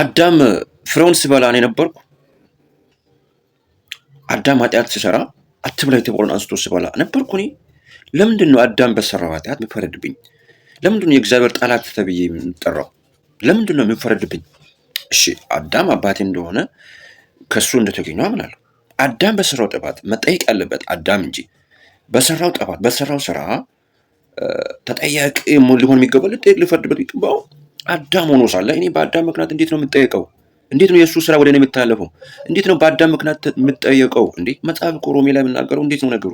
አዳም ፍሬውን ስበላ እኔ ነበርኩ? አዳም ኃጢአት ስሰራ አትብላ የተባለውን አንስቶ ስበላ ነበርኩ እኔ? ለምንድን ነው አዳም በሰራው ኃጢአት የሚፈረድብኝ? ለምንድን ነው የእግዚአብሔር ጠላት ተብዬ የምጠራው? ለምንድን ነው የሚፈረድብኝ? እሺ አዳም አባቴ እንደሆነ ከሱ እንደተገኘ አምናለሁ። አዳም በሰራው ጥፋት መጠየቅ ያለበት አዳም እንጂ በሰራው ጥፋት በሰራው ስራ ተጠያቂ ሊሆን የሚገባው ሊጠየቅ ሊፈርድበት ይገባው አዳም ሆኖ ሳለ እኔ በአዳም ምክንያት እንዴት ነው የምጠየቀው? እንዴት ነው የእሱ ስራ ወደ እኔ የምታለፈው? እንዴት ነው በአዳም ምክንያት የምጠየቀው? እንዴ መጽሐፍ እኮ ሮሜ ላይ የምናገረው እንዴት ነው ነገሩ?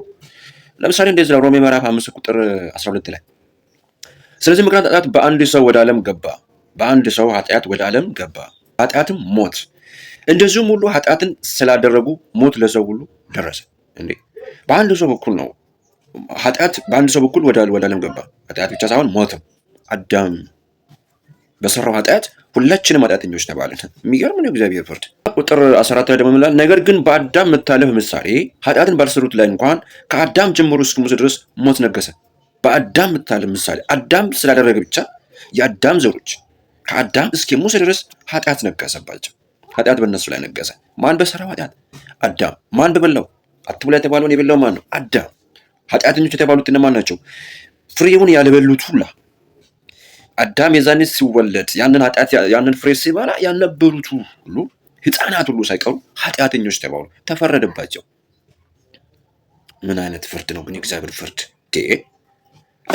ለምሳሌ እንደዚህ ሮሜ ምዕራፍ አምስት ቁጥር 12 ላይ ስለዚህ ምክንያት ኃጢአት በአንድ ሰው ወደ ዓለም ገባ፣ በአንድ ሰው ኃጢአት ወደ ዓለም ገባ፣ ኃጢአትም ሞት። እንደዚሁም ሁሉ ኃጢአትን ስላደረጉ ሞት ለሰው ሁሉ ደረሰ። እንዴ በአንድ ሰው በኩል ነው ኃጢአት በአንድ ሰው በኩል ወደ ዓለም ገባ፣ ኃጢአት ብቻ ሳይሆን ሞትም አዳም በሰራው ኃጢአት ሁላችንም ኃጢአተኞች ተባልን። የሚገርም ነው እግዚአብሔር ፍርድ። ቁጥር 14 ላይ ደግሞ ምላል ነገር ግን በአዳም መታለፍ ምሳሌ ኃጢአትን ባልሰሩት ላይ እንኳን ከአዳም ጀምሮ እስከ ሙሴ ድረስ ሞት ነገሰ። በአዳም መታለፍ ምሳሌ አዳም ስላደረገ ብቻ የአዳም ዘሮች ከአዳም እስከ ሙሴ ድረስ ኃጢአት ነገሰባቸው። ኃጢአት በእነሱ ላይ ነገሰ። ማን በሰራው ኃጢአት? አዳም። ማን በበላው? አትብላ የተባለውን የበላው ማን ነው? አዳም። ኃጢአተኞች የተባሉት እነማን ናቸው? ፍሬውን ያለበሉት ሁላ አዳም የዛኔ ሲወለድ ያንን ኃጢአት ያንን ፍሬ ሲበላ ያልነበሩት ሁሉ ህፃናት ሁሉ ሳይቀሩ ኃጢአተኞች ተባሉ፣ ተፈረደባቸው። ምን አይነት ፍርድ ነው ግን የእግዚአብሔር ፍርድ?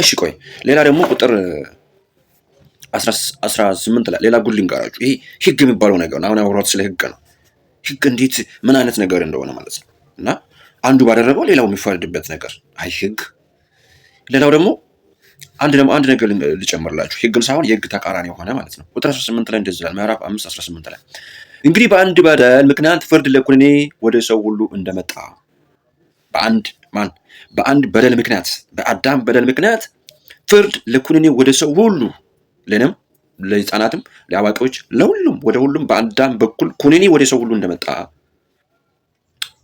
እሺ ቆይ ሌላ ደግሞ ቁጥር አስራ ስምንት ላይ ሌላ ጉድ ልንገራችሁ። ይሄ ህግ የሚባለው ነገር አሁን ያወራሁት ስለ ህግ ነው። ህግ እንዴት ምን አይነት ነገር እንደሆነ ማለት ነው እና አንዱ ባደረገው ሌላው የሚፈረድበት ነገር አይ ህግ ሌላው ደግሞ አንድ ደግሞ አንድ ነገር ልጨምርላችሁ ህግም ሳይሆን የህግ ተቃራኒ የሆነ ማለት ነው። ቁጥር 18 ላይ እንደዚህ ይላል። ምዕራፍ 5 18 ላይ እንግዲህ በአንድ በደል ምክንያት ፍርድ ለኩነኔ ወደ ሰው ሁሉ እንደመጣ በአንድ ማን በአንድ በደል ምክንያት በአዳም በደል ምክንያት ፍርድ ለኩነኔ ወደ ሰው ሁሉ ለንም ለህፃናትም፣ ለአዋቂዎች፣ ለሁሉም ወደ ሁሉም በአዳም በኩል ኩነኔ ወደ ሰው ሁሉ እንደመጣ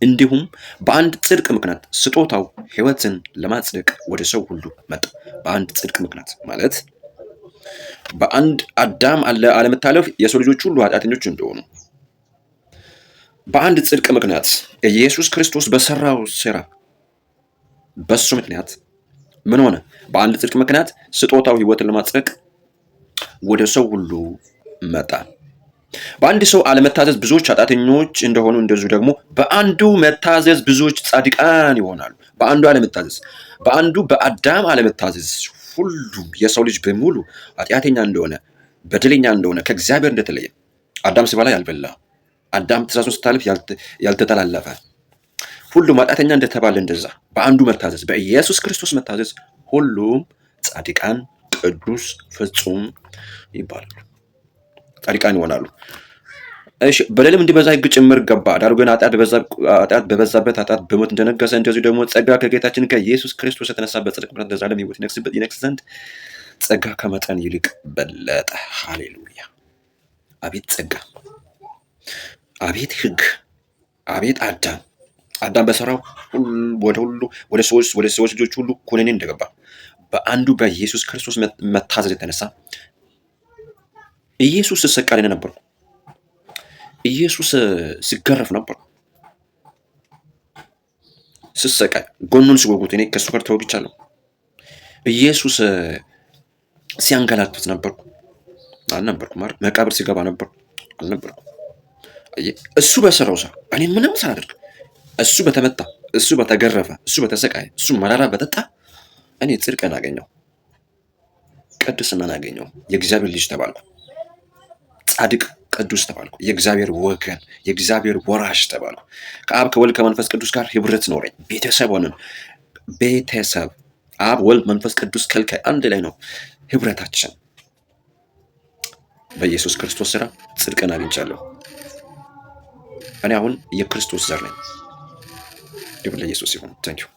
እንዲሁም በአንድ ጽድቅ ምክንያት ስጦታው ሕይወትን ለማጽደቅ ወደ ሰው ሁሉ መጣ። በአንድ ጽድቅ ምክንያት ማለት በአንድ አዳም አለመታለፍ የሰው ልጆች ሁሉ ኃጢአተኞች እንደሆኑ በአንድ ጽድቅ ምክንያት ኢየሱስ ክርስቶስ በሰራው ስራ በሱ ምክንያት ምን ሆነ? በአንድ ጽድቅ ምክንያት ስጦታው ሕይወትን ለማጽደቅ ወደ ሰው ሁሉ መጣ። በአንድ ሰው አለመታዘዝ ብዙዎች ኃጢአተኞች እንደሆኑ እንደዚሁ ደግሞ በአንዱ መታዘዝ ብዙዎች ጻድቃን ይሆናሉ። በአንዱ አለመታዘዝ በአንዱ በአዳም አለመታዘዝ ሁሉም የሰው ልጅ በሙሉ ኃጢአተኛ እንደሆነ በደለኛ እንደሆነ ከእግዚአብሔር እንደተለየ አዳም ሲበላ ያልበላ አዳም ትእዛዙን ስታልፍ ያልተተላለፈ ሁሉም ኃጢአተኛ እንደተባለ እንደዛ በአንዱ መታዘዝ በኢየሱስ ክርስቶስ መታዘዝ ሁሉም ጻድቃን ቅዱስ ፍጹም ይባላሉ። ጻድቃን ይሆናሉ። እሺ በደልም እንዲበዛ ሕግ ጭምር ገባ። ዳሩ ግን ኃጢአት በበዛበት ኃጢአት በሞት እንደነገሰ እንደዚሁ ደግሞ ጸጋ ከጌታችን ከኢየሱስ ክርስቶስ የተነሳ በጽድቅ ብርሃን ለዘላለም ሕይወት ይነግስ ዘንድ ጸጋ ከመጠን ይልቅ በለጠ። ሃሌሉያ! አቤት ጸጋ፣ አቤት ሕግ፣ አቤት አዳም አዳም በሰራው ወደ ሁሉ ወደ ሰዎች ወደ ሰዎች ልጆች ሁሉ ኩነኔ እንደገባ በአንዱ በኢየሱስ ክርስቶስ መታዘዝ የተነሳ ኢየሱስ ስሰቀል ነበር። ኢየሱስ ሲገረፍ ነበር። ስሰቃይ ጎኑን ሲጎጉት እኔ ከእሱ ጋር ተወግቻለሁ። ኢየሱስ ሲያንገላቱት ነበርኩ አልነበርኩም? መቃብር ሲገባ ነበር አልነበርኩ? እሱ በሰራው ስራ እኔ ምንም ሳላደርግ፣ እሱ በተመታ፣ እሱ በተገረፈ፣ እሱ በተሰቃየ፣ እሱ መራራ በጠጣ እኔ ጽድቅን አገኘው፣ ቅድስናን አገኘው፣ የእግዚአብሔር ልጅ ተባልኩ። ጻድቅ ቅዱስ ተባልኩ፣ የእግዚአብሔር ወገን የእግዚአብሔር ወራሽ ተባልኩ። ከአብ ከወልድ ከመንፈስ ቅዱስ ጋር ህብረት ኖረኝ። ቤተሰብ ሆነን ቤተሰብ አብ ወልድ መንፈስ ቅዱስ ከልከ አንድ ላይ ነው ህብረታችን። በኢየሱስ ክርስቶስ ስራ ጽድቅን አግኝቻለሁ። እኔ አሁን የክርስቶስ ዘር ነኝ። ድብል ለኢየሱስ ይሁን። ታንኪዩ